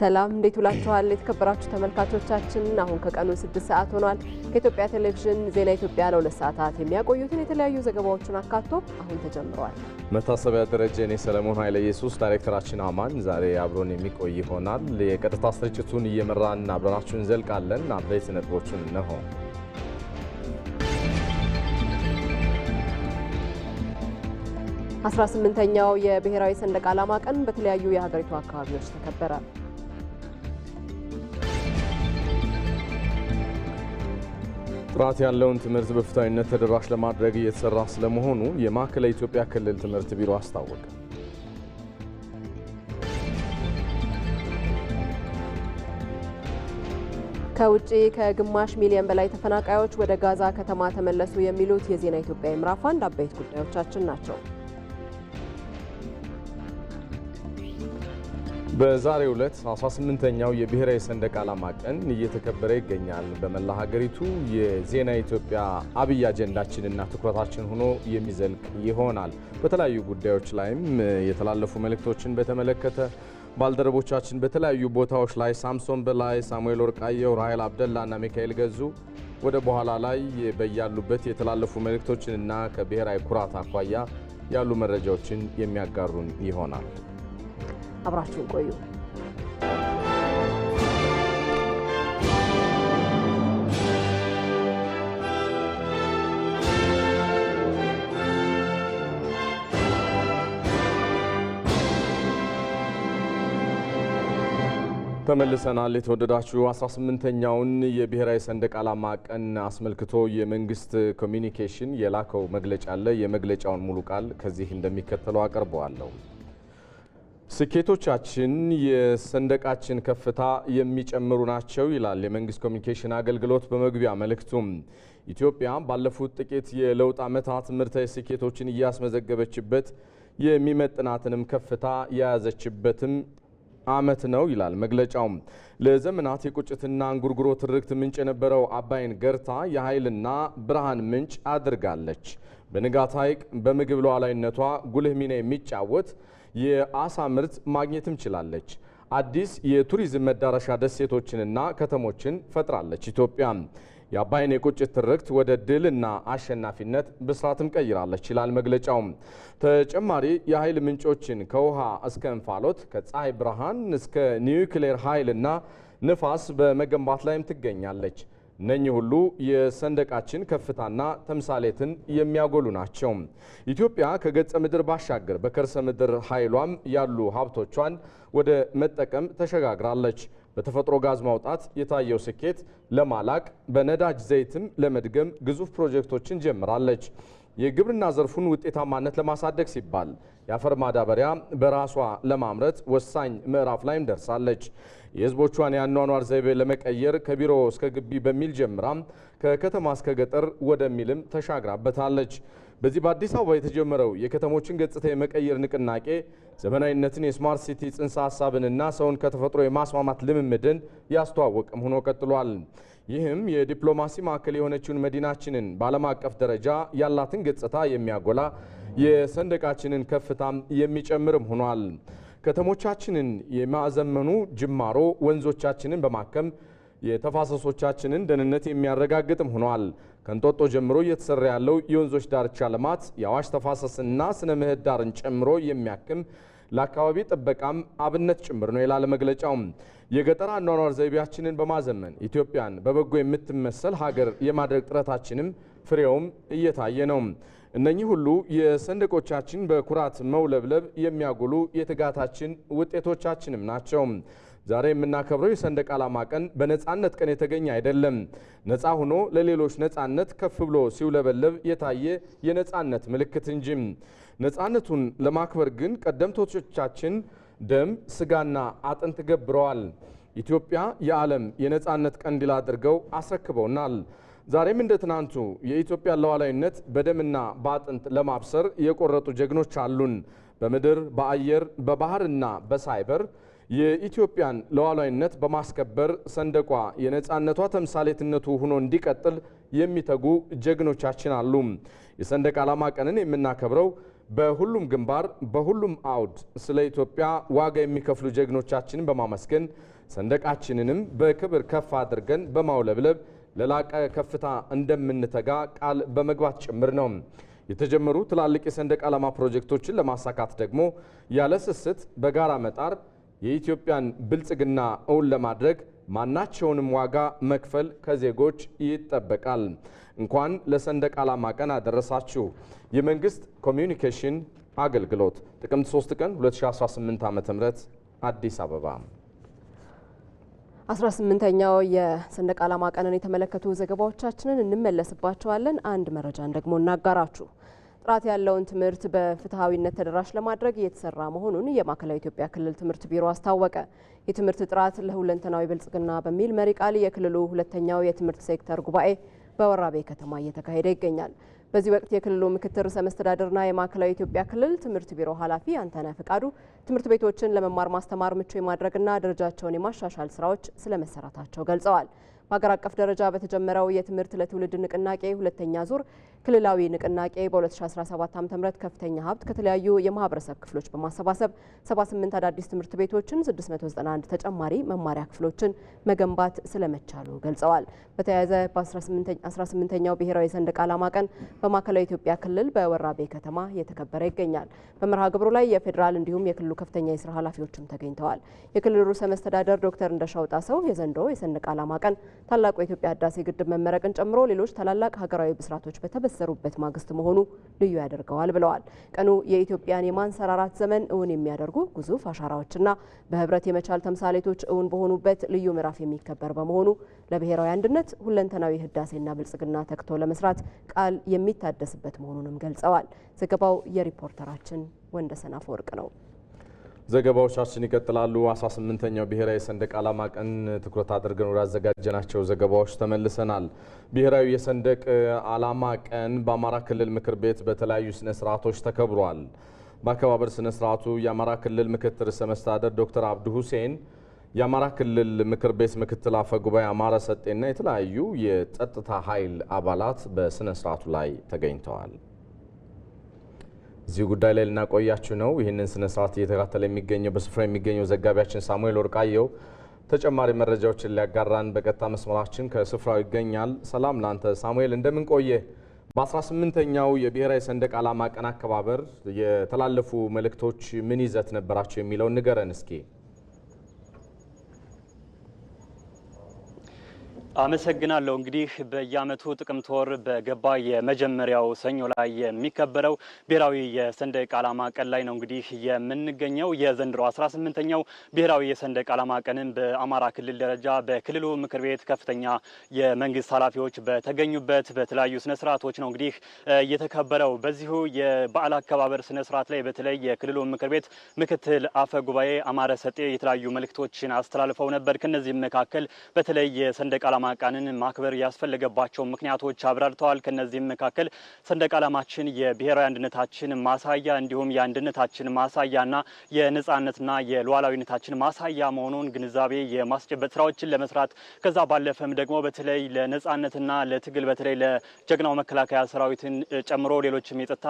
ሰላም እንዴት ውላችኋል? የተከበራችሁ ተመልካቾቻችን አሁን ከቀኑ ስድስት ሰዓት ሆኗል። ከኢትዮጵያ ቴሌቪዥን ዜና ኢትዮጵያ ለሁለት ሰዓታት የሚያቆዩትን የተለያዩ ዘገባዎችን አካቶ አሁን ተጀምረዋል። መታሰቢያ ደረጀ፣ እኔ ሰለሞን ኃይለ ኢየሱስ፣ ዳይሬክተራችን አማን ዛሬ አብሮን የሚቆይ ይሆናል። የቀጥታ ስርጭቱን እየመራን አብረናችሁን እንዘልቃለን። አበይት ነጥቦቹን እነሆ። አስራ ስምንተኛው የብሔራዊ ሰንደቅ ዓላማ ቀን በተለያዩ የሀገሪቱ አካባቢዎች ተከበረ። ጥራት ያለውን ትምህርት በፍትሐዊነት ተደራሽ ለማድረግ እየተሰራ ስለመሆኑ የማዕከላዊ ኢትዮጵያ ክልል ትምህርት ቢሮ አስታወቀ። ከውጭ ከግማሽ ሚሊዮን በላይ ተፈናቃዮች ወደ ጋዛ ከተማ ተመለሱ የሚሉት የዜና ኢትዮጵያ ምዕራፍ አንድ አበይት ጉዳዮቻችን ናቸው። በዛሬ ዕለት 18ኛው የብሔራዊ ሰንደቅ ዓላማ ቀን እየተከበረ ይገኛል። በመላ ሀገሪቱ የዜና ኢትዮጵያ አብይ አጀንዳችንና ትኩረታችን ሆኖ የሚዘልቅ ይሆናል። በተለያዩ ጉዳዮች ላይም የተላለፉ መልእክቶችን በተመለከተ ባልደረቦቻችን በተለያዩ ቦታዎች ላይ ሳምሶን በላይ፣ ሳሙኤል ወርቃየው፣ ራሄል አብደላ እና ሚካኤል ገዙ ወደ በኋላ ላይ በያሉበት የተላለፉ መልእክቶችንና ከብሔራዊ ኩራት አኳያ ያሉ መረጃዎችን የሚያጋሩን ይሆናል። አብራችሁን ቆዩ። ተመልሰናል። የተወደዳችሁ 18ኛውን የብሔራዊ ሰንደቅ ዓላማ ቀን አስመልክቶ የመንግስት ኮሚኒኬሽን የላከው መግለጫ አለ። የመግለጫውን ሙሉ ቃል ከዚህ እንደሚከተለው አቀርበዋለሁ። ስኬቶቻችን የሰንደቃችን ከፍታ የሚጨምሩ ናቸው ይላል የመንግስት ኮሚኒኬሽን አገልግሎት በመግቢያ መልእክቱም። ኢትዮጵያ ባለፉት ጥቂት የለውጥ ዓመታት ምርታዊ ስኬቶችን እያስመዘገበችበት የሚመጥናትንም ከፍታ የያዘችበትም ዓመት ነው ይላል መግለጫው። ለዘመናት የቁጭትና እንጉርጉሮ ትርክት ምንጭ የነበረው አባይን ገርታ የኃይልና ብርሃን ምንጭ አድርጋለች። በንጋት ሐይቅ በምግብ ሉዓላዊነቷ ጉልህ ሚና የሚጫወት የአሳ ምርት ማግኘትም ችላለች። አዲስ የቱሪዝም መዳረሻ ደሴቶችንና ከተሞችን ፈጥራለች ኢትዮጵያ። የአባይን የቁጭት ትርክት ወደ ድልና አሸናፊነት ብስራትም ቀይራለች ይላል መግለጫውም። ተጨማሪ የኃይል ምንጮችን ከውሃ እስከ እንፋሎት ከፀሐይ ብርሃን እስከ ኒውክሌር ኃይልና ንፋስ በመገንባት ላይም ትገኛለች። እነኚህ ሁሉ የሰንደቃችን ከፍታና ተምሳሌትን የሚያጎሉ ናቸው። ኢትዮጵያ ከገጸ ምድር ባሻገር በከርሰ ምድር ኃይሏም ያሉ ሀብቶቿን ወደ መጠቀም ተሸጋግራለች። በተፈጥሮ ጋዝ ማውጣት የታየው ስኬት ለማላቅ በነዳጅ ዘይትም ለመድገም ግዙፍ ፕሮጀክቶችን ጀምራለች። የግብርና ዘርፉን ውጤታማነት ለማሳደግ ሲባል የአፈር ማዳበሪያ በራሷ ለማምረት ወሳኝ ምዕራፍ ላይም ደርሳለች። የህዝቦቿን የአኗኗር ዘይቤ ለመቀየር ከቢሮ እስከ ግቢ በሚል ጀምራ ከከተማ እስከ ገጠር ወደሚልም ተሻግራበታለች። በዚህ በአዲስ አበባ የተጀመረው የከተሞችን ገጽታ የመቀየር ንቅናቄ ዘመናዊነትን፣ የስማርት ሲቲ ጽንሰ ሀሳብንና ሰውን ከተፈጥሮ የማስማማት ልምምድን ያስተዋወቀም ሆኖ ቀጥሏል። ይህም የዲፕሎማሲ ማዕከል የሆነችውን መዲናችንን በዓለም አቀፍ ደረጃ ያላትን ገጽታ የሚያጎላ የሰንደቃችንን ከፍታም የሚጨምርም ሆኗል። ከተሞቻችንን የማዘመኑ ጅማሮ ወንዞቻችንን በማከም የተፋሰሶቻችንን ደህንነት የሚያረጋግጥም ሆኗል። ከእንጦጦ ጀምሮ እየተሰራ ያለው የወንዞች ዳርቻ ልማት የአዋሽ ተፋሰስና ስነ ምህዳርን ጨምሮ የሚያክም ለአካባቢ ጥበቃም አብነት ጭምር ነው ይላል መግለጫው የገጠር አኗኗር ዘይቤያችንን በማዘመን ኢትዮጵያን በበጎ የምትመሰል ሀገር የማድረግ ጥረታችንም ፍሬውም እየታየ ነው። እነኚህ ሁሉ የሰንደቆቻችን በኩራት መውለብለብ የሚያጎሉ የትጋታችን ውጤቶቻችንም ናቸው። ዛሬ የምናከብረው የሰንደቅ ዓላማ ቀን በነፃነት ቀን የተገኘ አይደለም። ነፃ ሆኖ ለሌሎች ነፃነት ከፍ ብሎ ሲውለበለብ የታየ የነፃነት ምልክት እንጂም ነፃነቱን ለማክበር ግን ቀደምቶቻችን ደም ስጋና አጥንት ገብረዋል። ኢትዮጵያ የዓለም የነፃነት ቀንዲል አድርገው አስረክበውናል። ዛሬም እንደ ትናንቱ የኢትዮጵያን ሉዓላዊነት በደምና በአጥንት ለማብሰር የቆረጡ ጀግኖች አሉን። በምድር በአየር በባህርና በሳይበር የኢትዮጵያን ሉዓላዊነት በማስከበር ሰንደቋ የነፃነቷ ተምሳሌትነቱ ሆኖ እንዲቀጥል የሚተጉ ጀግኖቻችን አሉ። የሰንደቅ ዓላማ ቀንን የምናከብረው በሁሉም ግንባር በሁሉም አውድ ስለ ኢትዮጵያ ዋጋ የሚከፍሉ ጀግኖቻችንን በማመስገን ሰንደቃችንንም በክብር ከፍ አድርገን በማውለብለብ ለላቀ ከፍታ እንደምንተጋ ቃል በመግባት ጭምር ነው። የተጀመሩ ትላልቅ የሰንደቅ ዓላማ ፕሮጀክቶችን ለማሳካት ደግሞ ያለ ስስት በጋራ መጣር የኢትዮጵያን ብልጽግና እውን ለማድረግ ማናቸውንም ዋጋ መክፈል ከዜጎች ይጠበቃል። እንኳን ለሰንደቅ ዓላማ ቀን አደረሳችሁ። የመንግስት ኮሚዩኒኬሽን አገልግሎት ጥቅምት 3 ቀን 2018 ዓ.ም አዲስ አበባ 18ኛው የሰንደቅ ዓላማ ቀንን የተመለከቱ ዘገባዎቻችንን እንመለስባቸዋለን። አንድ መረጃን ደግሞ እናጋራችሁ። ጥራት ያለውን ትምህርት በፍትሐዊነት ተደራሽ ለማድረግ እየተሰራ መሆኑን የማዕከላዊ ኢትዮጵያ ክልል ትምህርት ቢሮ አስታወቀ። የትምህርት ጥራት ለሁለንተናዊ ብልጽግና በሚል መሪ ቃል የክልሉ ሁለተኛው የትምህርት ሴክተር ጉባኤ በወራቤ ከተማ እየተካሄደ ይገኛል። በዚህ ወቅት የክልሉ ምክትል ርዕሰ መስተዳድርና የማዕከላዊ ኢትዮጵያ ክልል ትምህርት ቢሮ ኃላፊ አንተነህ ፈቃዱ ትምህርት ቤቶችን ለመማር ማስተማር ምቹ የማድረግና ደረጃቸውን የማሻሻል ስራዎች ስለመሰራታቸው ገልጸዋል። በሀገር አቀፍ ደረጃ በተጀመረው የትምህርት ለትውልድ ንቅናቄ ሁለተኛ ዙር ክልላዊ ንቅናቄ በ2017 ዓ.ም ከፍተኛ ሀብት ከተለያዩ የማህበረሰብ ክፍሎች በማሰባሰብ 78 አዳዲስ ትምህርት ቤቶችን፣ 691 ተጨማሪ መማሪያ ክፍሎችን መገንባት ስለመቻሉ ገልጸዋል። በተያያዘ በ18ኛው ብሔራዊ ሰንደቅ ዓላማ ቀን በማዕከላዊ ኢትዮጵያ ክልል በወራቤ ከተማ እየተከበረ ይገኛል። በመርሃ ግብሩ ላይ የፌዴራል እንዲሁም የክልሉ ከፍተኛ የስራ ኃላፊዎችም ተገኝተዋል። የክልሉ ርዕሰ መስተዳደር ዶክተር እንደሻው ጣሰው የዘንድሮ የሰንደቅ ዓላማ ቀን ታላቁ የኢትዮጵያ ህዳሴ ግድብ መመረቅን ጨምሮ ሌሎች ታላላቅ ሀገራዊ ብስራቶች በተበ በበሰሩበት ማግስት መሆኑ ልዩ ያደርገዋል ብለዋል። ቀኑ የኢትዮጵያን የማንሰራራት ዘመን እውን የሚያደርጉ ግዙፍ አሻራዎችና በህብረት የመቻል ተምሳሌቶች እውን በሆኑበት ልዩ ምዕራፍ የሚከበር በመሆኑ ለብሔራዊ አንድነት፣ ሁለንተናዊ ህዳሴና ብልጽግና ተግቶ ለመስራት ቃል የሚታደስበት መሆኑንም ገልጸዋል። ዘገባው የሪፖርተራችን ወንደሰን አፈወርቅ ነው። ዘገባዎቻችን ይቀጥላሉ። 18ኛው ብሔራዊ ሰንደቅ ዓላማ ቀን ትኩረት አድርገን ወዳዘጋጀናቸው ዘገባዎች ተመልሰናል። ብሔራዊ የሰንደቅ ዓላማ ቀን በአማራ ክልል ምክር ቤት በተለያዩ ስነ ስርዓቶች ተከብሯል። በአከባበር ስነ ስርዓቱ የአማራ ክልል ምክትል ርዕሰ ዶክተር አብዱ ሁሴን፣ የአማራ ክልል ምክር ቤት ምክትል አፈ ጉባኤ አማረ ሰጤና የተለያዩ የጸጥታ ኃይል አባላት በስነ ስርዓቱ ላይ ተገኝተዋል። እዚህ ጉዳይ ላይ ልናቆያችሁ ነው። ይህንን ስነ ስርዓት እየተከታተለ የሚገኘው በስፍራ የሚገኘው ዘጋቢያችን ሳሙኤል ወርቃየው ተጨማሪ መረጃዎችን ሊያጋራን በቀጥታ መስመራችን ከስፍራው ይገኛል። ሰላም ላንተ ሳሙኤል፣ እንደምን ቆየ? በ18ኛው የብሔራዊ ሰንደቅ ዓላማ ቀን አከባበር የተላለፉ መልእክቶች ምን ይዘት ነበራቸው የሚለውን ንገረን እስኪ። አመሰግናለሁ። እንግዲህ በየአመቱ ጥቅምት ወር በገባ የመጀመሪያው ሰኞ ላይ የሚከበረው ብሔራዊ የሰንደቅ ዓላማ ቀን ላይ ነው እንግዲህ የምንገኘው። የዘንድሮ 18ኛው ብሔራዊ የሰንደቅ ዓላማ ቀንን በአማራ ክልል ደረጃ በክልሉ ምክር ቤት ከፍተኛ የመንግስት ኃላፊዎች በተገኙበት በተለያዩ ስነስርዓቶች ነው እንግዲህ የተከበረው። በዚሁ የበዓል አከባበር ስነስርዓት ላይ በተለይ የክልሉ ምክር ቤት ምክትል አፈ ጉባኤ አማረ ሰጤ የተለያዩ መልእክቶችን አስተላልፈው ነበር። ከነዚህም መካከል በተለይ የሰንደቅ ዓላማ ሰንደቅ ማክበር ያስፈለገባቸው ምክንያቶች አብራርተዋል። ከነዚህም መካከል ሰንደቅ ዓላማችን የብሔራዊ አንድነታችን ማሳያ እንዲሁም የአንድነታችን ማሳያና የነጻነትና የሉዓላዊነታችን ማሳያ መሆኑን ግንዛቤ የማስጨበጥ ስራዎችን ለመስራት ከዛ ባለፈም ደግሞ በተለይ ለነጻነትና ለትግል በተለይ ለጀግናው መከላከያ ሰራዊትን ጨምሮ ሌሎችም የጸጥታ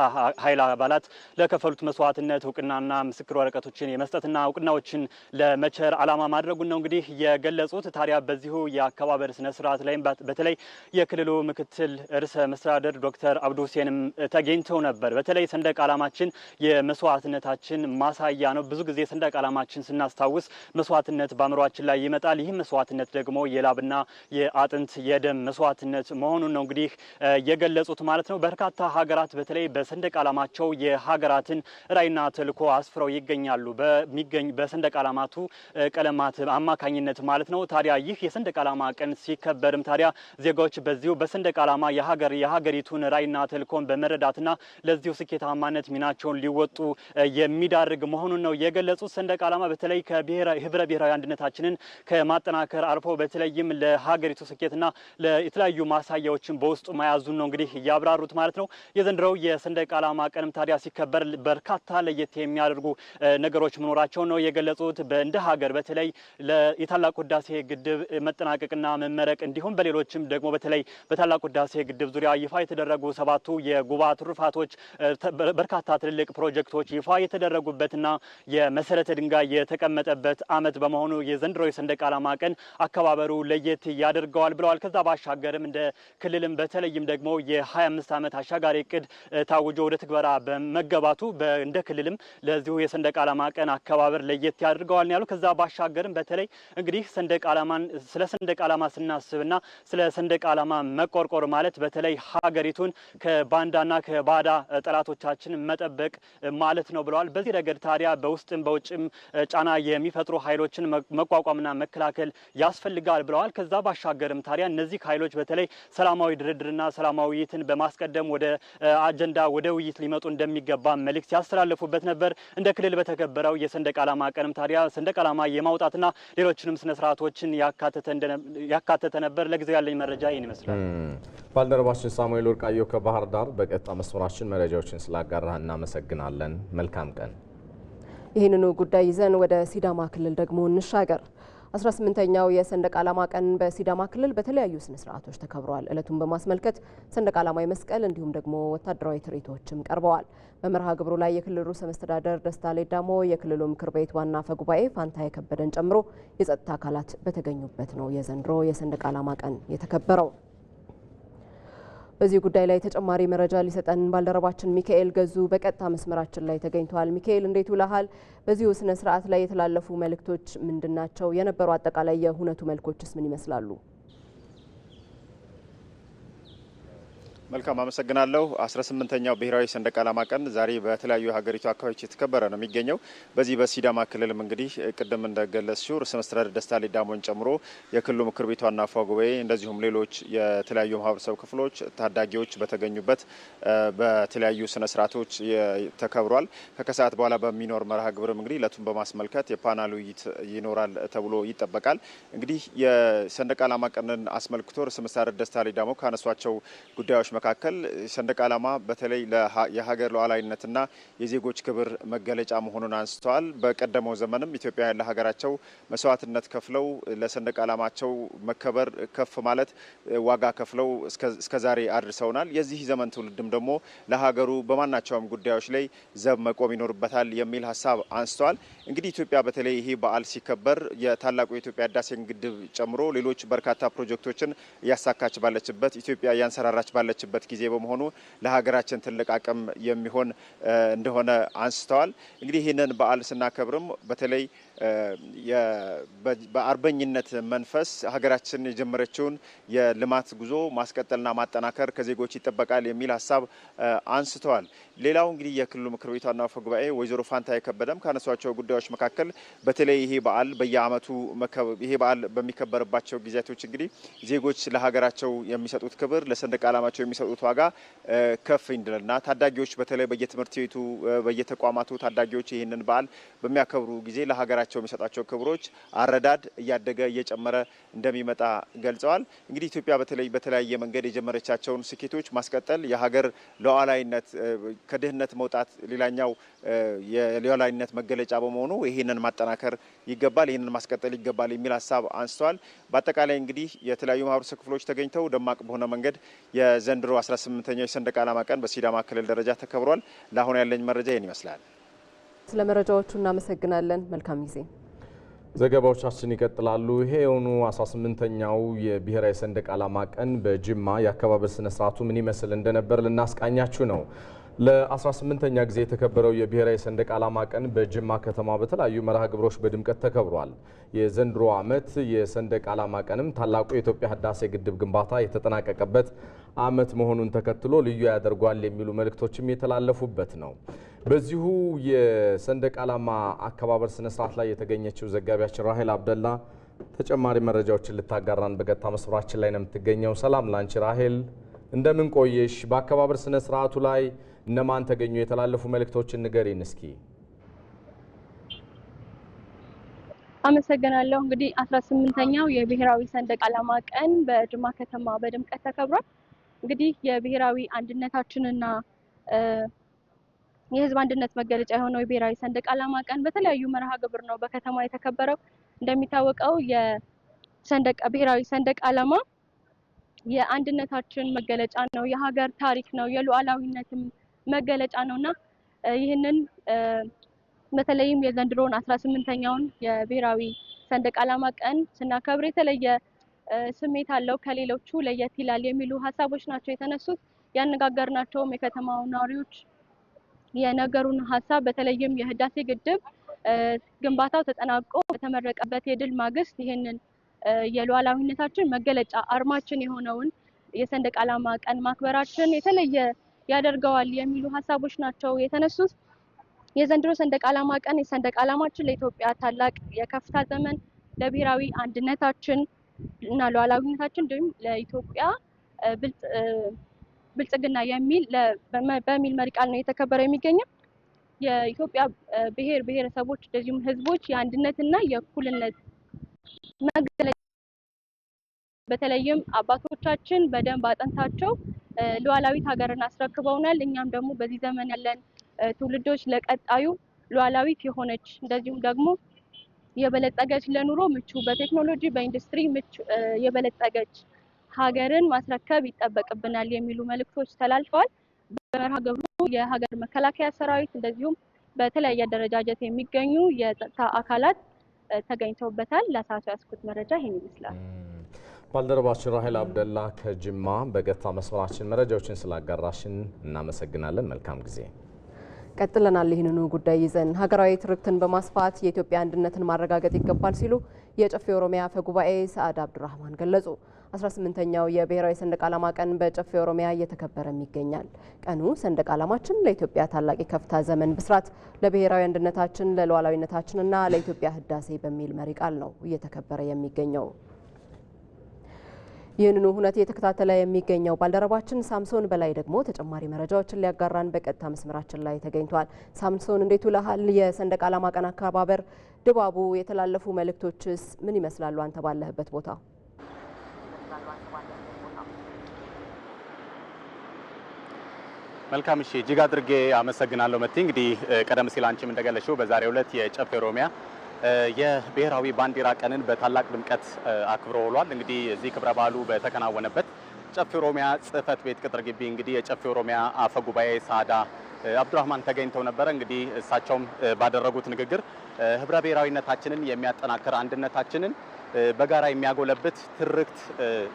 ኃይል አባላት ለከፈሉት መስዋዕትነት እውቅናና ምስክር ወረቀቶችን የመስጠትና እውቅናዎችን ለመቸር ዓላማ ማድረጉን ነው እንግዲህ የገለጹት። ታዲያ በዚሁ የአከባበር ስነ ስነ ስርዓት ላይም በተለይ የክልሉ ምክትል ርዕሰ መስተዳደር ዶክተር አብዱ ሁሴንም ተገኝተው ነበር። በተለይ ሰንደቅ ዓላማችን የመስዋዕትነታችን ማሳያ ነው። ብዙ ጊዜ ሰንደቅ ዓላማችን ስናስታውስ መስዋዕትነት በአእምሯችን ላይ ይመጣል። ይህም መስዋዕትነት ደግሞ የላብና የአጥንት የደም መስዋዕትነት መሆኑን ነው እንግዲህ የገለጹት ማለት ነው። በርካታ ሀገራት በተለይ በሰንደቅ ዓላማቸው የሀገራትን ራዕይና ተልዕኮ አስፍረው ይገኛሉ በሚገኝ በሰንደቅ ዓላማቱ ቀለማት አማካኝነት ማለት ነው። ታዲያ ይህ የሰንደቅ ዓላማ ቀን ቢከበርም ታዲያ ዜጋዎች በዚሁ በሰንደቅ ዓላማ የሀገር የሀገሪቱን ራዕይና ተልዕኮን በመረዳትና ለዚሁ ስኬታማነት ሚናቸውን ሊወጡ የሚዳርግ መሆኑን ነው የገለጹት። ሰንደቅ ዓላማ በተለይ ከህብረ ብሔራዊ አንድነታችንን ከማጠናከር አልፎ በተለይም ለሀገሪቱ ስኬትና ለተለያዩ ማሳያዎችን በውስጡ መያዙን ነው እንግዲህ እያብራሩት ማለት ነው። የዘንድሮው የሰንደቅ ዓላማ ቀንም ታዲያ ሲከበር በርካታ ለየት የሚያደርጉ ነገሮች መኖራቸውን ነው የገለጹት። እንደ ሀገር በተለይ የታላቁ ህዳሴ ግድብ መጠናቀቅና መመ መመረቅ እንዲሁም በሌሎችም ደግሞ በተለይ በታላቁ ህዳሴ ግድብ ዙሪያ ይፋ የተደረጉ ሰባቱ የጉባ ትሩፋቶች በርካታ ትልልቅ ፕሮጀክቶች ይፋ የተደረጉበትና የመሰረተ ድንጋይ የተቀመጠበት አመት በመሆኑ የዘንድሮ የሰንደቅ ዓላማ ቀን አከባበሩ ለየት ያደርገዋል ብለዋል። ከዛ ባሻገርም እንደ ክልልም በተለይም ደግሞ የ25 ዓመት አሻጋሪ እቅድ ታውጆ ወደ ትግበራ በመገባቱ እንደ ክልልም ለዚሁ የሰንደቅ ዓላማ ቀን አከባበር ለየት ያደርገዋል ያሉ ከዛ ባሻገርም በተለይ እንግዲህ ሰንደቅ ዓላማን ስለ ሰንደቅ ዓላማ ስና ስናስብና ስለ ሰንደቅ ዓላማ መቆርቆር ማለት በተለይ ሀገሪቱን ከባንዳና ከባዳ ጠላቶቻችን መጠበቅ ማለት ነው ብለዋል። በዚህ ረገድ ታዲያ በውስጥም በውጭም ጫና የሚፈጥሩ ኃይሎችን መቋቋምና መከላከል ያስፈልጋል ብለዋል። ከዛ ባሻገርም ታዲያ እነዚህ ኃይሎች በተለይ ሰላማዊ ድርድርና ሰላማዊ ውይይትን በማስቀደም ወደ አጀንዳ ወደ ውይይት ሊመጡ እንደሚገባ መልእክት ያስተላለፉበት ነበር። እንደ ክልል በተከበረው የሰንደቅ ዓላማ ቀንም ታዲያ ሰንደቅ ዓላማ የማውጣትና ሌሎችንም ስነስርዓቶችን ያካተተ የተካተተ ነበር። ለጊዜው ያለኝ መረጃ ይህን ይመስላል። ባልደረባችን ሳሙኤል ወርቃየሁ ከባህር ዳር በቀጥታ መስመራችን መረጃዎችን ስላጋራህ እናመሰግናለን። መልካም ቀን። ይህንኑ ጉዳይ ይዘን ወደ ሲዳማ ክልል ደግሞ እንሻገር። 18ኛው የሰንደቅ ዓላማ ቀን በሲዳማ ክልል በተለያዩ ስነስርዓቶች ተከብረዋል። እለቱን በማስመልከት ሰንደቅ ዓላማ መስቀል እንዲሁም ደግሞ ወታደራዊ ትርኢቶችም ቀርበዋል። በመርሃ ግብሩ ላይ የክልሉ ርዕሰ መስተዳደር ደስታ ሌዳሞ፣ የክልሉ ምክር ቤት ዋና አፈ ጉባኤ ፋንታ የከበደን ጨምሮ የጸጥታ አካላት በተገኙበት ነው የዘንድሮ የሰንደቅ ዓላማ ቀን የተከበረው። በዚህ ጉዳይ ላይ ተጨማሪ መረጃ ሊሰጠን ባልደረባችን ሚካኤል ገዙ በቀጥታ መስመራችን ላይ ተገኝተዋል። ሚካኤል እንዴት ውለሃል? በዚሁ ስነ ስርዓት ላይ የተላለፉ መልእክቶች ምንድን ናቸው? የነበሩ አጠቃላይ የሁነቱ መልኮችስ ምን ይመስላሉ? መልካም አመሰግናለሁ። 18ኛው ብሔራዊ ሰንደቅ ዓላማ ቀን ዛሬ በተለያዩ የሀገሪቱ አካባቢዎች የተከበረ ነው የሚገኘው። በዚህ በሲዳማ ክልልም እንግዲህ ቅድም እንደገለጽሽው ርዕሰ መስተዳድር ደስታ ሌዳሞን ጨምሮ የክልሉ ምክር ቤት ዋና አፈ ጉባኤ እንደዚሁም ሌሎች የተለያዩ ማህበረሰብ ክፍሎች ታዳጊዎች በተገኙበት በተለያዩ ስነ ስርዓቶች ተከብሯል። ከከሰዓት በኋላ በሚኖር መርሃ ግብርም እንግዲህ እለቱን በማስመልከት የፓናል ውይይት ይኖራል ተብሎ ይጠበቃል። እንግዲህ የሰንደቅ ዓላማ ቀንን አስመልክቶ ርዕሰ መስተዳድር ደስታ ሌዳሞ ካነሷቸው ጉዳዮች መካከል ሰንደቅ ዓላማ በተለይ የሀገር ሉዓላዊነትና የዜጎች ክብር መገለጫ መሆኑን አንስተዋል። በቀደመው ዘመንም ኢትዮጵያውያን ለሀገራቸው መስዋዕትነት ከፍለው ለሰንደቅ ዓላማቸው መከበር ከፍ ማለት ዋጋ ከፍለው እስከዛሬ አድርሰውናል። የዚህ ዘመን ትውልድም ደግሞ ለሀገሩ በማናቸውም ጉዳዮች ላይ ዘብ መቆም ይኖርበታል የሚል ሀሳብ አንስተዋል። እንግዲህ ኢትዮጵያ በተለይ ይሄ በዓል ሲከበር የታላቁ የኢትዮጵያ ህዳሴን ግድብ ጨምሮ ሌሎች በርካታ ፕሮጀክቶችን እያሳካች ባለችበት ኢትዮጵያ እያንሰራራች ባለችበት የምንችልበት ጊዜ በመሆኑ ለሀገራችን ትልቅ አቅም የሚሆን እንደሆነ አንስተዋል። እንግዲህ ይህንን በዓል ስናከብርም በተለይ በአርበኝነት መንፈስ ሀገራችን የጀመረችውን የልማት ጉዞ ማስቀጠልና ማጠናከር ከዜጎች ይጠበቃል የሚል ሀሳብ አንስተዋል። ሌላው እንግዲህ የክልሉ ምክር ቤት ዋና አፈ ጉባኤ ወይዘሮ ፋንታ የከበደም ካነሷቸው ጉዳዮች መካከል በተለይ ይሄ በዓል በየአመቱ ይሄ በዓል በሚከበርባቸው ጊዜያቶች እንግዲህ ዜጎች ለሀገራቸው የሚሰጡት ክብር፣ ለሰንደቅ ዓላማቸው የሚሰጡት ዋጋ ከፍ እንዲልና ታዳጊዎች በተለይ በየትምህርት ቤቱ በየተቋማቱ ታዳጊዎች ይህንን በዓል በሚያከብሩ ጊዜ ለሀገራ ለሀገራቸው የሚሰጣቸው ክብሮች አረዳድ እያደገ እየጨመረ እንደሚመጣ ገልጸዋል። እንግዲህ ኢትዮጵያ በተለይ በተለያየ መንገድ የጀመረቻቸውን ስኬቶች ማስቀጠል የሀገር ሉዓላዊነት ከድህነት መውጣት ሌላኛው የሉዓላዊነት መገለጫ በመሆኑ ይህንን ማጠናከር ይገባል፣ ይህንን ማስቀጠል ይገባል የሚል ሀሳብ አንስተዋል። በአጠቃላይ እንግዲህ የተለያዩ ማህበረሰብ ክፍሎች ተገኝተው ደማቅ በሆነ መንገድ የዘንድሮ 18ኛው የሰንደቅ ዓላማ ቀን በሲዳማ ክልል ደረጃ ተከብሯል። ለአሁን ያለኝ መረጃ ይህን ይመስላል። ስለ መረጃዎቹ እናመሰግናለን። መልካም ጊዜ። ዘገባዎቻችን ይቀጥላሉ። ይሄ የሆኑ 18ኛው የብሔራዊ ሰንደቅ ዓላማ ቀን በጅማ የአከባበር ስነስርዓቱ ምን ይመስል እንደነበር ልናስቃኛችሁ ነው። ለ18ኛ ጊዜ የተከበረው የብሔራዊ ሰንደቅ ዓላማ ቀን በጅማ ከተማ በተለያዩ መርሃ ግብሮች በድምቀት ተከብሯል። የዘንድሮ ዓመት የሰንደቅ ዓላማ ቀንም ታላቁ የኢትዮጵያ ህዳሴ ግድብ ግንባታ የተጠናቀቀበት ዓመት መሆኑን ተከትሎ ልዩ ያደርጓል የሚሉ መልእክቶችም የተላለፉበት ነው። በዚሁ የሰንደቅ ዓላማ አከባበር ስነስርዓት ላይ የተገኘችው ዘጋቢያችን ራሄል አብደላ ተጨማሪ መረጃዎችን ልታጋራን በቀጥታ መስመራችን ላይ ነው የምትገኘው። ሰላም ላንቺ ራሄል፣ እንደምን ቆየሽ? በአከባበር ስነስርዓቱ ላይ እነማን ተገኙ? የተላለፉ መልእክቶችን ንገሪን እስኪ። አመሰግናለሁ። እንግዲህ አስራ ስምንተኛው የብሔራዊ ሰንደቅ ዓላማ ቀን በጅማ ከተማ በድምቀት ተከብሯል። እንግዲህ የብሔራዊ አንድነታችንና የህዝብ አንድነት መገለጫ የሆነው የብሔራዊ ሰንደቅ ዓላማ ቀን በተለያዩ መርሃ ግብር ነው በከተማ የተከበረው። እንደሚታወቀው የሰንደቅ ብሔራዊ ሰንደቅ ዓላማ የአንድነታችን መገለጫ ነው፣ የሀገር ታሪክ ነው፣ የሉዓላዊነትም መገለጫ ነውና ይህንን በተለይም የዘንድሮውን አስራ ስምንተኛውን የብሔራዊ ሰንደቅ ዓላማ ቀን ስናከብር የተለየ ስሜት አለው፣ ከሌሎቹ ለየት ይላል የሚሉ ሀሳቦች ናቸው የተነሱት። ያነጋገርናቸውም የከተማው ነዋሪዎች የነገሩን ሀሳብ በተለይም የህዳሴ ግድብ ግንባታው ተጠናቆ በተመረቀበት የድል ማግስት ይህንን የሉዓላዊነታችን መገለጫ አርማችን የሆነውን የሰንደቅ ዓላማ ቀን ማክበራችን የተለየ ያደርገዋል የሚሉ ሀሳቦች ናቸው የተነሱት። የዘንድሮ ሰንደቅ ዓላማ ቀን የሰንደቅ ዓላማችን ለኢትዮጵያ ታላቅ የከፍታ ዘመን ለብሔራዊ አንድነታችን እና ለሉዓላዊነታችን እንዲሁም ለኢትዮጵያ ብልጽግና የሚል በሚል መሪ ቃል ነው የተከበረ የሚገኘው። የኢትዮጵያ ብሔር ብሔረሰቦች እንደዚሁም ህዝቦች የአንድነትና የእኩልነት መገለጫ በተለይም አባቶቻችን በደንብ አጥንታቸው ሉዓላዊት ሀገርን አስረክበውናል። እኛም ደግሞ በዚህ ዘመን ያለን ትውልዶች ለቀጣዩ ሉዓላዊት የሆነች እንደዚሁም ደግሞ የበለጸገች ለኑሮ ምቹ በቴክኖሎጂ በኢንዱስትሪ ምቹ የበለጸገች ሀገርን ማስረከብ ይጠበቅብናል የሚሉ መልእክቶች ተላልፈዋል። በመርሃ ግብሩ የሀገር መከላከያ ሰራዊት እንደዚሁም በተለያየ አደረጃጀት የሚገኙ የጸጥታ አካላት ተገኝተውበታል። ለሰዓቱ ያስኩት መረጃ ይህን ይመስላል። ባልደረባችን ራሄል አብደላ ከጅማ በገታ መስመራችን መረጃዎችን ስላጋራሽን እናመሰግናለን። መልካም ጊዜ። ቀጥለናል። ይህንኑ ጉዳይ ይዘን ሀገራዊ ትርክትን በማስፋት የኢትዮጵያ አንድነትን ማረጋገጥ ይገባል ሲሉ የጨፌ ኦሮሚያ አፈ ጉባኤ ሰአድ አብዱራህማን ገለጹ። 18ኛው የብሔራዊ ሰንደቅ ዓላማ ቀን በጨፌ ኦሮሚያ እየተከበረም ይገኛል። ቀኑ ሰንደቅ ዓላማችን ለኢትዮጵያ ታላቅ የከፍታ ዘመን ብስራት፣ ለብሔራዊ አንድነታችን፣ ለሉዓላዊነታችንና ለኢትዮጵያ ህዳሴ በሚል መሪ ቃል ነው እየተከበረ የሚገኘው። ይህንኑ ሁነት እየተከታተለ የሚገኘው ባልደረባችን ሳምሶን በላይ ደግሞ ተጨማሪ መረጃዎችን ሊያጋራን በቀጥታ መስመራችን ላይ ተገኝቷል። ሳምሶን እንዴት ውለሃል? የሰንደቅ ዓላማ ቀን አከባበር ድባቡ፣ የተላለፉ መልእክቶችስ ምን ይመስላሉ? አንተ ባለህበት ቦታ መልካም እሺ፣ እጅግ አድርጌ አመሰግናለሁ መቲ። እንግዲህ ቀደም ሲል አንቺም እንደገለሽው በዛሬው ዕለት የጨፌ ኦሮሚያ የብሔራዊ ባንዲራ ቀንን በታላቅ ድምቀት አክብሮ ውሏል። እንግዲህ እዚህ ክብረ በዓሉ በተከናወነበት ጨፌ ኦሮሚያ ጽህፈት ቤት ቅጥር ግቢ እንግዲህ የጨፌ ኦሮሚያ አፈ ጉባኤ ሳዳ አብዱራህማን ተገኝተው ነበረ። እንግዲህ እሳቸውም ባደረጉት ንግግር ህብረ ብሔራዊነታችንን የሚያጠናክር አንድነታችንን በጋራ የሚያጎለብት ትርክት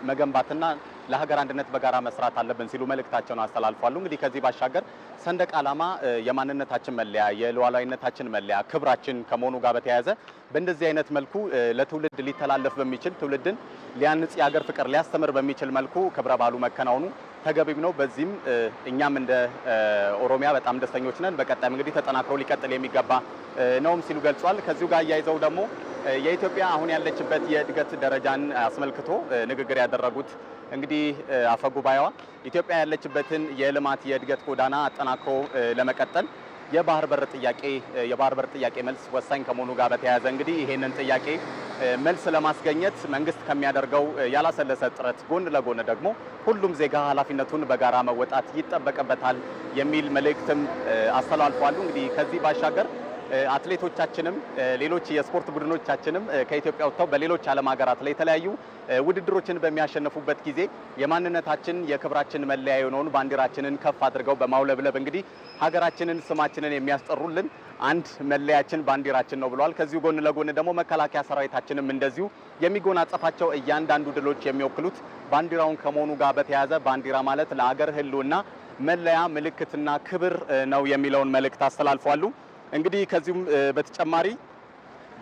መገንባትና ለሀገር አንድነት በጋራ መስራት አለብን ሲሉ መልእክታቸውን አስተላልፏሉ። እንግዲህ ከዚህ ባሻገር ሰንደቅ ዓላማ የማንነታችን መለያ፣ የሉዓላዊነታችን መለያ፣ ክብራችን ከመሆኑ ጋር በተያያዘ በእንደዚህ አይነት መልኩ ለትውልድ ሊተላለፍ በሚችል ትውልድን ሊያንጽ የሀገር ፍቅር ሊያስተምር በሚችል መልኩ ክብረ በዓሉ መከናወኑ ተገቢም ነው። በዚህም እኛም እንደ ኦሮሚያ በጣም ደስተኞች ነን። በቀጣይም እንግዲህ ተጠናክሮ ሊቀጥል የሚገባ ነውም ሲሉ ገልጿል። ከዚሁ ጋር አያይዘው ደግሞ የኢትዮጵያ አሁን ያለችበት የእድገት ደረጃን አስመልክቶ ንግግር ያደረጉት እንግዲህ አፈጉባኤዋ ኢትዮጵያ ያለችበትን የልማት የእድገት ጎዳና አጠናክሮ ለመቀጠል የባህር በር ጥያቄ የባህር በር ጥያቄ መልስ ወሳኝ ከመሆኑ ጋር በተያያዘ እንግዲህ ይሄንን ጥያቄ መልስ ለማስገኘት መንግስት ከሚያደርገው ያላሰለሰ ጥረት ጎን ለጎን ደግሞ ሁሉም ዜጋ ኃላፊነቱን በጋራ መወጣት ይጠበቅበታል የሚል መልእክትም አስተላልፏሉ። እንግዲህ ከዚህ ባሻገር አትሌቶቻችንም ሌሎች የስፖርት ቡድኖቻችንም ከኢትዮጵያ ወጥተው በሌሎች ዓለም ሀገራት ላይ የተለያዩ ውድድሮችን በሚያሸንፉበት ጊዜ የማንነታችን የክብራችን መለያ የሆነውን ባንዲራችንን ከፍ አድርገው በማውለብለብ እንግዲህ ሀገራችንን ስማችንን የሚያስጠሩልን አንድ መለያችን ባንዲራችን ነው ብለዋል። ከዚሁ ጎን ለጎን ደግሞ መከላከያ ሰራዊታችንም እንደዚሁ የሚጎናጸፋቸው እያንዳንዱ ድሎች የሚወክሉት ባንዲራውን ከመሆኑ ጋር በተያያዘ ባንዲራ ማለት ለሀገር ሕልውና መለያ ምልክትና ክብር ነው የሚለውን መልእክት አስተላልፏሉ። እንግዲህ ከዚሁም በተጨማሪ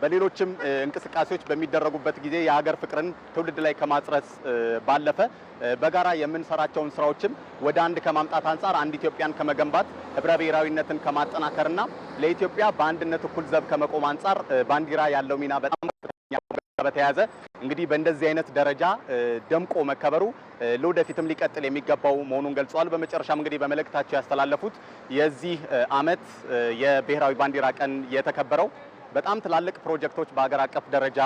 በሌሎችም እንቅስቃሴዎች በሚደረጉበት ጊዜ የሀገር ፍቅርን ትውልድ ላይ ከማጽረስ ባለፈ በጋራ የምንሰራቸውን ስራዎችም ወደ አንድ ከማምጣት አንጻር አንድ ኢትዮጵያን ከመገንባት ህብረ ብሔራዊነትን ከማጠናከርና ለኢትዮጵያ በአንድነት እኩል ዘብ ከመቆም አንጻር ባንዲራ ያለው ሚና በጣም በተያያዘ እንግዲህ በእንደዚህ አይነት ደረጃ ደምቆ መከበሩ ለወደፊትም ሊቀጥል የሚገባው መሆኑን ገልጸዋል። በመጨረሻም እንግዲህ በመልእክታቸው ያስተላለፉት የዚህ ዓመት የብሔራዊ ባንዲራ ቀን የተከበረው በጣም ትላልቅ ፕሮጀክቶች በአገር አቀፍ ደረጃ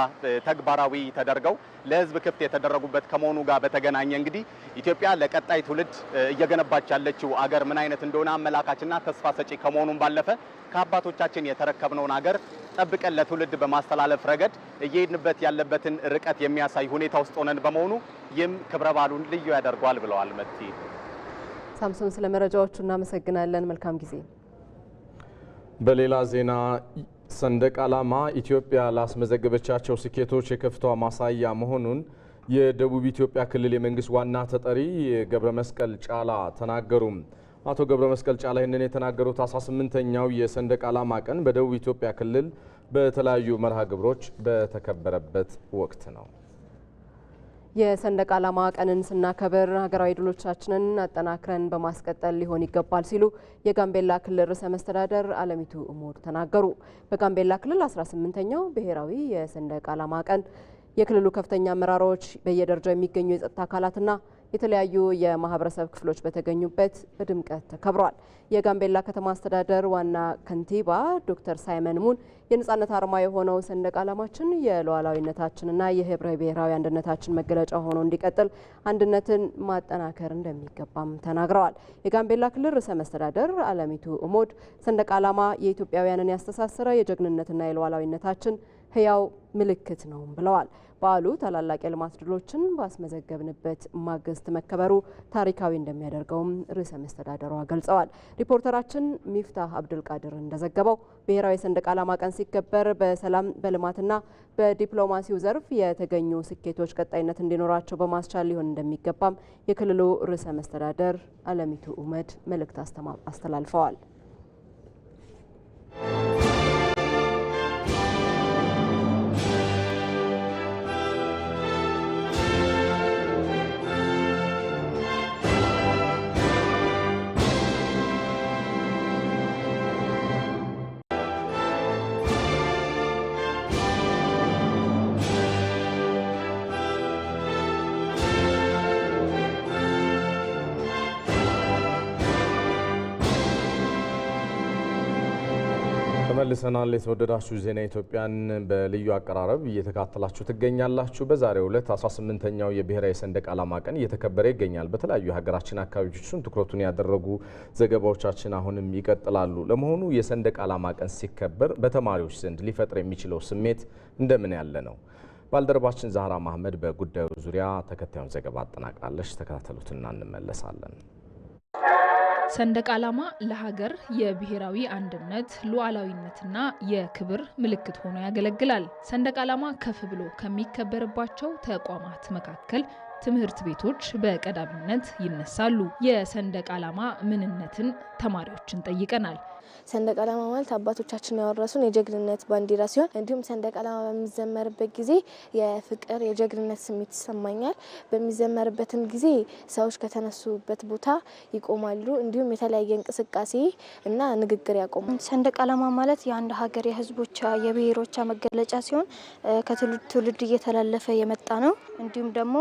ተግባራዊ ተደርገው ለህዝብ ክፍት የተደረጉበት ከመሆኑ ጋር በተገናኘ እንግዲህ ኢትዮጵያ ለቀጣይ ትውልድ እየገነባች ያለችው አገር ምን አይነት እንደሆነ አመላካችና ተስፋ ሰጪ ከመሆኑም ባለፈ ከአባቶቻችን የተረከብነውን አገር ጠብቀን ለትውልድ በማስተላለፍ ረገድ እየሄድንበት ያለበትን ርቀት የሚያሳይ ሁኔታ ውስጥ ሆነን በመሆኑ ይህም ክብረ በዓሉን ልዩ ያደርገዋል ብለዋል። መቲ ሳምሶን፣ ስለ መረጃዎቹ እናመሰግናለን። መልካም ጊዜ። በሌላ ዜና ሰንደቅ ዓላማ ኢትዮጵያ ላስመዘገበቻቸው ስኬቶች የከፍታዋ ማሳያ መሆኑን የደቡብ ኢትዮጵያ ክልል የመንግስት ዋና ተጠሪ ገብረ መስቀል ጫላ ተናገሩ። አቶ ገብረ መስቀል ጫላ ይህንን የተናገሩት አስራ ስምንተኛው የሰንደቅ ዓላማ ቀን በደቡብ ኢትዮጵያ ክልል በተለያዩ መርሃ ግብሮች በተከበረበት ወቅት ነው። የሰንደቅ ዓላማ ቀንን ስናከብር ሀገራዊ ድሎቻችንን አጠናክረን በማስቀጠል ሊሆን ይገባል ሲሉ የጋምቤላ ክልል ርዕሰ መስተዳደር አለሚቱ እሙድ ተናገሩ። በጋምቤላ ክልል 18ኛው ብሔራዊ የሰንደቅ ዓላማ ቀን የክልሉ ከፍተኛ አመራሮች፣ በየደረጃው የሚገኙ የጸጥታ አካላትና የተለያዩ የማህበረሰብ ክፍሎች በተገኙበት በድምቀት ተከብሯል። የጋምቤላ ከተማ አስተዳደር ዋና ከንቲባ ዶክተር ሳይመን ሙን የነጻነት አርማ የሆነው ሰንደቅ ዓላማችን የሉዓላዊነታችንና የህብረ ብሔራዊ አንድነታችን መገለጫ ሆኖ እንዲቀጥል አንድነትን ማጠናከር እንደሚገባም ተናግረዋል። የጋምቤላ ክልል ርዕሰ መስተዳደር አለሚቱ እሞድ ሰንደቅ ዓላማ የኢትዮጵያውያንን ያስተሳሰረ የጀግንነትና የሉዓላዊነታችን ህያው ምልክት ነው ብለዋል። በዓሉ ታላላቅ የልማት ድሎችን ባስመዘገብንበት ማግስት መከበሩ ታሪካዊ እንደሚያደርገውም ርዕሰ መስተዳደሯ ገልጸዋል። ሪፖርተራችን ሚፍታህ አብዱልቃድር እንደዘገበው ብሔራዊ ሰንደቅ ዓላማ ቀን ሲከበር በሰላም በልማትና በዲፕሎማሲው ዘርፍ የተገኙ ስኬቶች ቀጣይነት እንዲኖራቸው በማስቻል ሊሆን እንደሚገባም የክልሉ ርዕሰ መስተዳደር አለሚቱ ኡመድ መልእክት አስተላልፈዋል። ተመልሰናል። የተወደዳችሁ ዜና ኢትዮጵያን በልዩ አቀራረብ እየተካተላችሁ ትገኛላችሁ። በዛሬው ዕለት 18ኛው የብሔራዊ ሰንደቅ ዓላማ ቀን እየተከበረ ይገኛል። በተለያዩ የሀገራችን አካባቢዎችን ትኩረቱን ያደረጉ ዘገባዎቻችን አሁንም ይቀጥላሉ። ለመሆኑ የሰንደቅ ዓላማ ቀን ሲከበር በተማሪዎች ዘንድ ሊፈጥር የሚችለው ስሜት እንደምን ያለ ነው? ባልደረባችን ዛህራ ማህመድ በጉዳዩ ዙሪያ ተከታዩን ዘገባ አጠናቅራለች። ተከታተሉትና እንመለሳለን። ሰንደቅ ዓላማ ለሀገር የብሔራዊ አንድነት ሉዓላዊነትና የክብር ምልክት ሆኖ ያገለግላል። ሰንደቅ ዓላማ ከፍ ብሎ ከሚከበርባቸው ተቋማት መካከል ትምህርት ቤቶች በቀዳሚነት ይነሳሉ። የሰንደቅ ዓላማ ምንነትን ተማሪዎችን ጠይቀናል። ሰንደቅ ዓላማ ማለት አባቶቻችን ያወረሱን የጀግንነት ባንዲራ ሲሆን እንዲሁም ሰንደቅ ዓላማ በሚዘመርበት ጊዜ የፍቅር የጀግንነት ስሜት ይሰማኛል። በሚዘመርበትም ጊዜ ሰዎች ከተነሱበት ቦታ ይቆማሉ። እንዲሁም የተለያየ እንቅስቃሴ እና ንግግር ያቆማል። ሰንደቅ ዓላማ ማለት የአንድ ሀገር የህዝቦቻ የብሔሮቻ መገለጫ ሲሆን ከትውልድ ትውልድ እየተላለፈ የመጣ ነው። እንዲሁም ደግሞ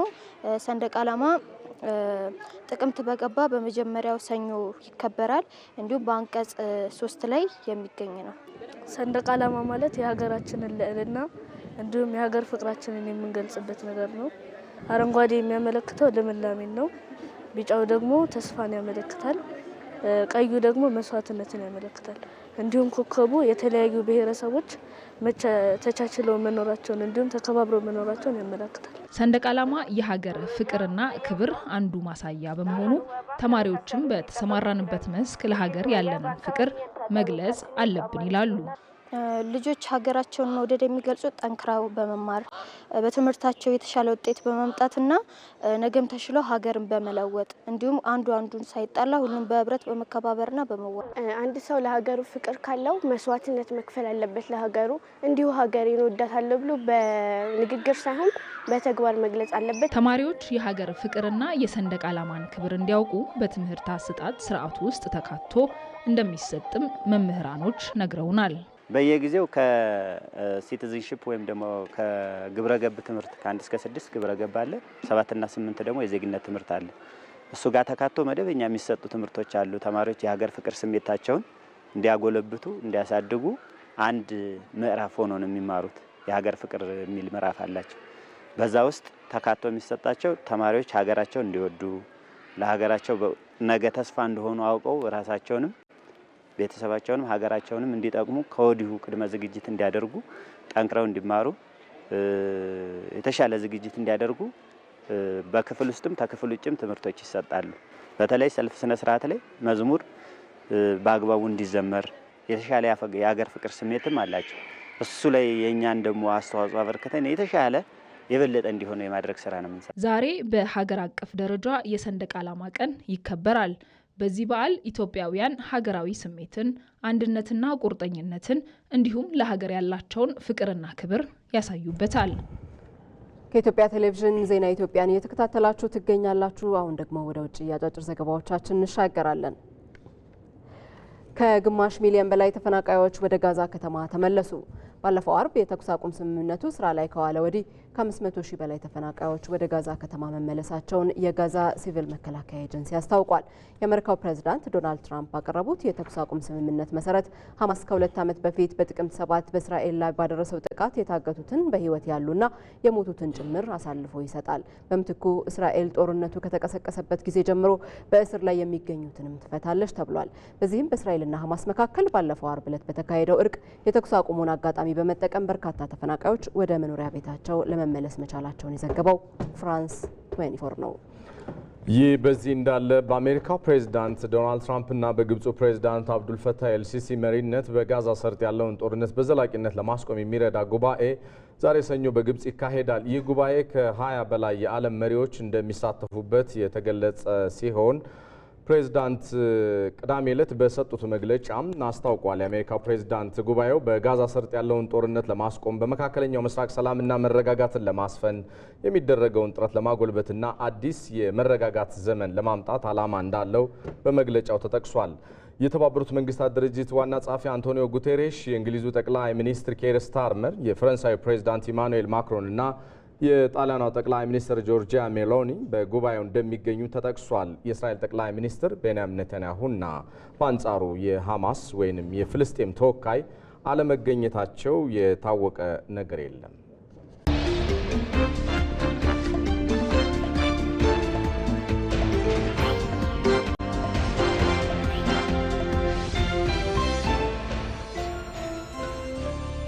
ሰንደቅ ዓላማ ጥቅምት በገባ በመጀመሪያው ሰኞ ይከበራል። እንዲሁም በአንቀጽ ሶስት ላይ የሚገኝ ነው። ሰንደቅ ዓላማ ማለት የሀገራችንን ልዕልና እንዲሁም የሀገር ፍቅራችንን የምንገልጽበት ነገር ነው። አረንጓዴ የሚያመለክተው ልምላሜን ነው። ቢጫው ደግሞ ተስፋን ያመለክታል። ቀዩ ደግሞ መስዋዕትነትን ያመለክታል። እንዲሁም ኮከቡ የተለያዩ ብሔረሰቦች ተቻችለው መኖራቸውን እንዲሁም ተከባብረው መኖራቸውን ያመለክታል። ሰንደቅ ዓላማ የሀገር ፍቅርና ክብር አንዱ ማሳያ በመሆኑ ተማሪዎችም በተሰማራንበት መስክ ለሀገር ያለንን ፍቅር መግለጽ አለብን ይላሉ። ልጆች ሀገራቸውን መውደድ የሚገልጹት ጠንክረው በመማር በትምህርታቸው የተሻለ ውጤት በመምጣትና ነገም ተሽሎ ሀገርን በመለወጥ እንዲሁም አንዱ አንዱን ሳይጣላ ሁሉም በህብረት በመከባበርና በመዋ አንድ ሰው ለሀገሩ ፍቅር ካለው መስዋዕትነት መክፈል አለበት ለሀገሩ። እንዲሁ ሀገሬን እወዳታለሁ ብሎ በንግግር ሳይሆን በተግባር መግለጽ አለበት። ተማሪዎች የሀገር ፍቅርና የሰንደቅ ዓላማን ክብር እንዲያውቁ በትምህርት አሰጣጥ ስርዓቱ ውስጥ ተካቶ እንደሚሰጥም መምህራኖች ነግረውናል። በየጊዜው ከሲቲዝንሽፕ ወይም ደግሞ ከግብረገብ ትምህርት ከአንድ እስከ ስድስት ግብረገብ አለ። ሰባትና ስምንት ደግሞ የዜግነት ትምህርት አለ። እሱ ጋር ተካቶ መደበኛ የሚሰጡ ትምህርቶች አሉ። ተማሪዎች የሀገር ፍቅር ስሜታቸውን እንዲያጎለብቱ እንዲያሳድጉ አንድ ምዕራፍ ሆኖ ነው የሚማሩት። የሀገር ፍቅር የሚል ምዕራፍ አላቸው። በዛ ውስጥ ተካቶ የሚሰጣቸው ተማሪዎች ሀገራቸው እንዲወዱ ለሀገራቸው ነገ ተስፋ እንደሆኑ አውቀው ራሳቸውንም ቤተሰባቸውንም ሀገራቸውንም እንዲጠቅሙ ከወዲሁ ቅድመ ዝግጅት እንዲያደርጉ ጠንክረው እንዲማሩ የተሻለ ዝግጅት እንዲያደርጉ በክፍል ውስጥም ተክፍል ውጭም ትምህርቶች ይሰጣሉ። በተለይ ሰልፍ ስነ ስርዓት ላይ መዝሙር በአግባቡ እንዲዘመር የተሻለ የሀገር ፍቅር ስሜትም አላቸው። እሱ ላይ የእኛን ደግሞ አስተዋጽኦ አበርክተን የተሻለ የበለጠ እንዲሆነ የማድረግ ስራ ነው የምንሰራው። ዛሬ በሀገር አቀፍ ደረጃ የሰንደቅ ዓላማ ቀን ይከበራል። በዚህ በዓል ኢትዮጵያውያን ሀገራዊ ስሜትን፣ አንድነትና ቁርጠኝነትን እንዲሁም ለሀገር ያላቸውን ፍቅርና ክብር ያሳዩበታል። ከኢትዮጵያ ቴሌቪዥን ዜና ኢትዮጵያን እየተከታተላችሁ ትገኛላችሁ። አሁን ደግሞ ወደ ውጭ አጫጭር ዘገባዎቻችን እንሻገራለን። ከግማሽ ሚሊዮን በላይ ተፈናቃዮች ወደ ጋዛ ከተማ ተመለሱ። ባለፈው አርብ የተኩስ አቁም ስምምነቱ ስራ ላይ ከዋለ ወዲህ ከ500 ሺህ በላይ ተፈናቃዮች ወደ ጋዛ ከተማ መመለሳቸውን የጋዛ ሲቪል መከላከያ ኤጀንሲ አስታውቋል። የአሜሪካው ፕሬዝዳንት ዶናልድ ትራምፕ ባቀረቡት የተኩስ አቁም ስምምነት መሰረት ሐማስ ከሁለት ዓመት በፊት በጥቅምት ሰባት በእስራኤል ላይ ባደረሰው ጥቃት የታገቱትን በህይወት ያሉና የሞቱትን ጭምር አሳልፎ ይሰጣል። በምትኩ እስራኤል ጦርነቱ ከተቀሰቀሰበት ጊዜ ጀምሮ በእስር ላይ የሚገኙትንም ትፈታለች ተብሏል። በዚህም በእስራኤልና ሐማስ መካከል ባለፈው አርብ ዕለት በተካሄደው እርቅ የተኩስ አቁሙን አጋጣሚ በመጠቀም በርካታ ተፈናቃዮች ወደ መኖሪያ ቤታቸው ለመመለስ መቻላቸውን የዘገበው ፍራንስ 24 ነው። ይህ በዚህ እንዳለ በአሜሪካው ፕሬዚዳንት ዶናልድ ትራምፕና በግብፁ ፕሬዚዳንት አብዱልፈታህ ኤልሲሲ መሪነት በጋዛ ሰርጥ ያለውን ጦርነት በዘላቂነት ለማስቆም የሚረዳ ጉባኤ ዛሬ ሰኞ በግብፅ ይካሄዳል። ይህ ጉባኤ ከ20 በላይ የዓለም መሪዎች እንደሚሳተፉበት የተገለጸ ሲሆን ፕሬዚዳንት ቅዳሜ ዕለት በሰጡት መግለጫም አስታውቋል። የአሜሪካው ፕሬዚዳንት ጉባኤው በጋዛ ሰርጥ ያለውን ጦርነት ለማስቆም በመካከለኛው ምስራቅ ሰላምና መረጋጋትን ለማስፈን የሚደረገውን ጥረት ለማጎልበትና አዲስ የመረጋጋት ዘመን ለማምጣት ዓላማ እንዳለው በመግለጫው ተጠቅሷል። የተባበሩት መንግስታት ድርጅት ዋና ጸሐፊ አንቶኒዮ ጉቴሬሽ፣ የእንግሊዙ ጠቅላይ ሚኒስትር ኬር ስታርመር፣ የፈረንሳዩ ፕሬዚዳንት ኢማኑኤል ማክሮን እና የጣሊያኗ ጠቅላይ ሚኒስትር ጆርጂያ ሜሎኒ በጉባኤው እንደሚገኙ ተጠቅሷል። የእስራኤል ጠቅላይ ሚኒስትር ቤንያም ኔታንያሁና በአንጻሩ የሐማስ ወይንም የፍልስጤም ተወካይ አለመገኘታቸው የታወቀ ነገር የለም።